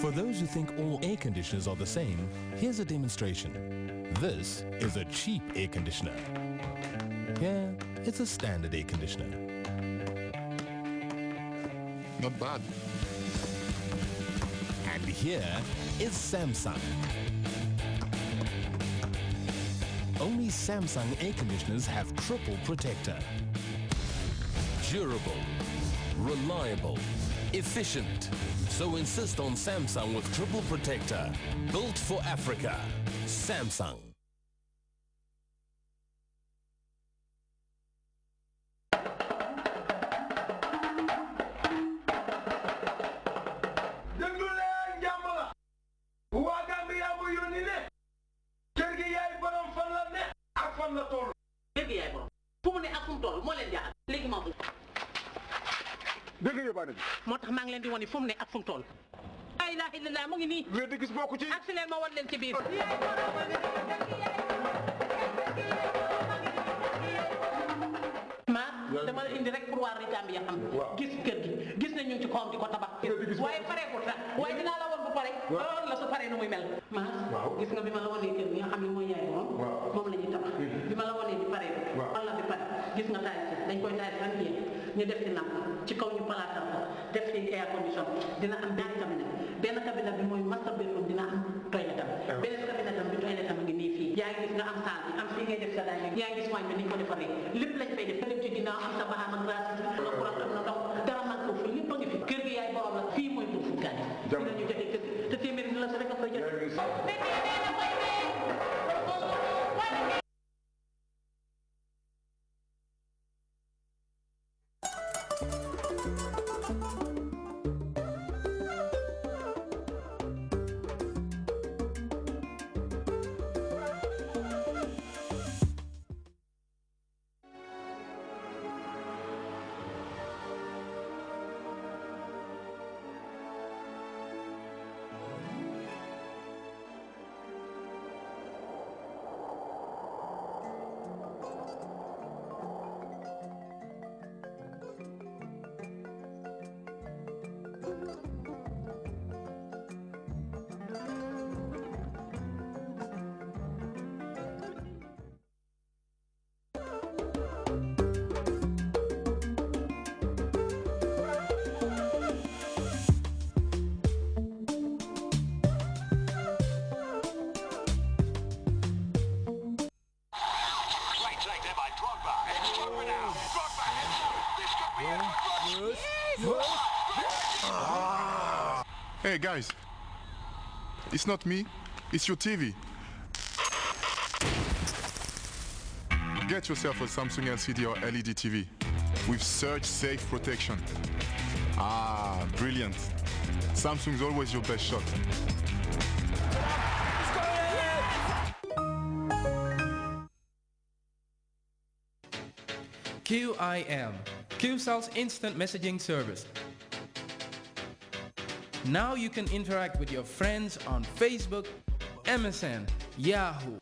For those who think all air conditioners are the same, here's a demonstration. This is a cheap air conditioner. Yeah, it's a standard air conditioner. Not bad. And here is Samsung. Only Samsung air conditioners have triple protector. Durable, reliable, efficient. So insist on Samsung with triple protector. Built for Africa. Samsung. moo tax maa ngi leen di wane fu mu ne ak fu mu toll la ilaha illallah mu ngi nii wér di gis bokku ci ak si leen ma wan leen ci biir ma dama la indi rek pour waar Rijaambi ya xam gis kër gi gis nañ ñu ci koom di ko tabax waaye pareekul sax waaye dinaa la woon bu pare la su paree nu muy mel ma gis nga bi la ñu def ci làmp ci kaw ñu palaatal ko def ci air condition dina am ñaari cabinet benn cabinet bi mooy master bedroom dina am toilette am ah. beneen cabinet am bi toilette am ngi nii fii yaa gis nga am saal bi am fii ngay def sa daal yaa ngi gis waañ bi ni ko defaree lépp lañ fay def lépp ci ginnaaw am sa baxaam ak Hey guys, it's not me, it's your TV. Get yourself a Samsung LCD or LED TV with Surge Safe Protection. Ah, brilliant. Samsung's always your best shot. QIM, QSAL's instant messaging service now you can interact with your friends on Facebook, MSN, Yahoo,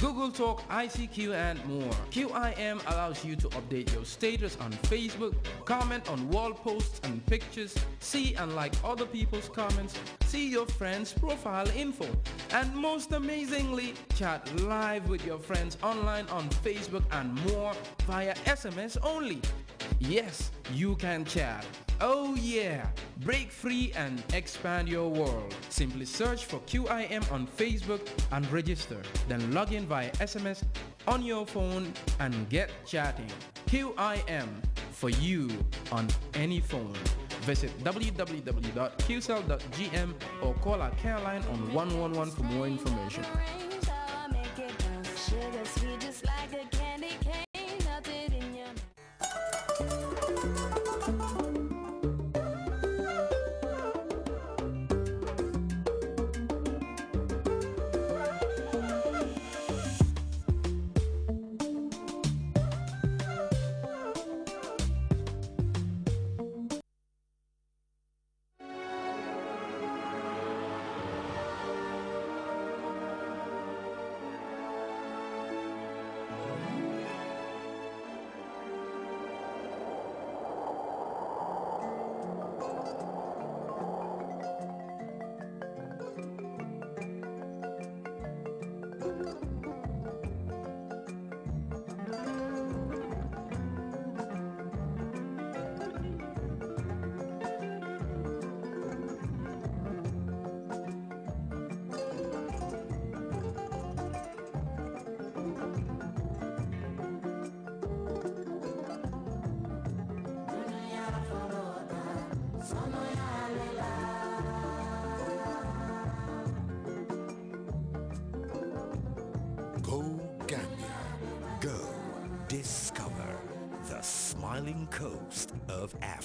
Google Talk, ICQ and more. QIM allows you to update your status on Facebook, comment on wall posts and pictures, see and like other people's comments, see your friends' profile info, and most amazingly, chat live with your friends online on Facebook and more via SMS only. Yes, you can chat. Oh yeah! Break free and expand your world. Simply search for QIM on Facebook and register. Then log in via SMS on your phone and get chatting. QIM for you on any phone. Visit www.qcell.gm or call our care line on 111 for more information.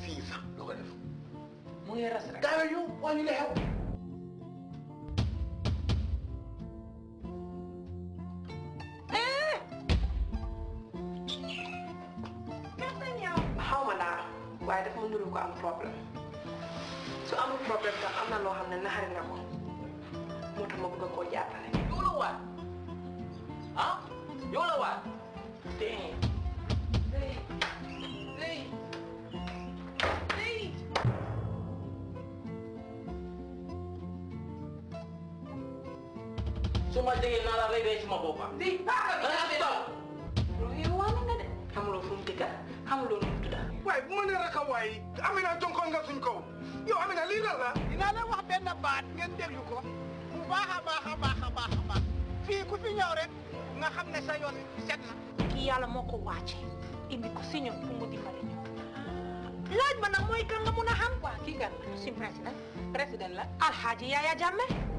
fii sax doo ko def mu ngi ras rek gaawe ñu ñu li xew waaye daf ko am problème su amul problème tam am na loo xam ne na ko moo ma bëgg ah yow la su ma déggee naa la rey rey suma bopp ah. si nga de. xamuloo fu mu dëkka xamuloo mu tudda. waaye bu ma nee rek Amina jonkoon nga suñ kaw yow Amina lii lan la. dinaa la wax benn baat ngeen déglu ko bu baax a baax fii ku fi ñëw rek nga xam ne sa yoon set na. kii yàlla moo ko wàcce indi ko si ñun pour mu dimbale ñu. laaj ma nag mooy kan nga mun a xam. waa kii kan suñu président président la. Alhaji Yaya Jammeh.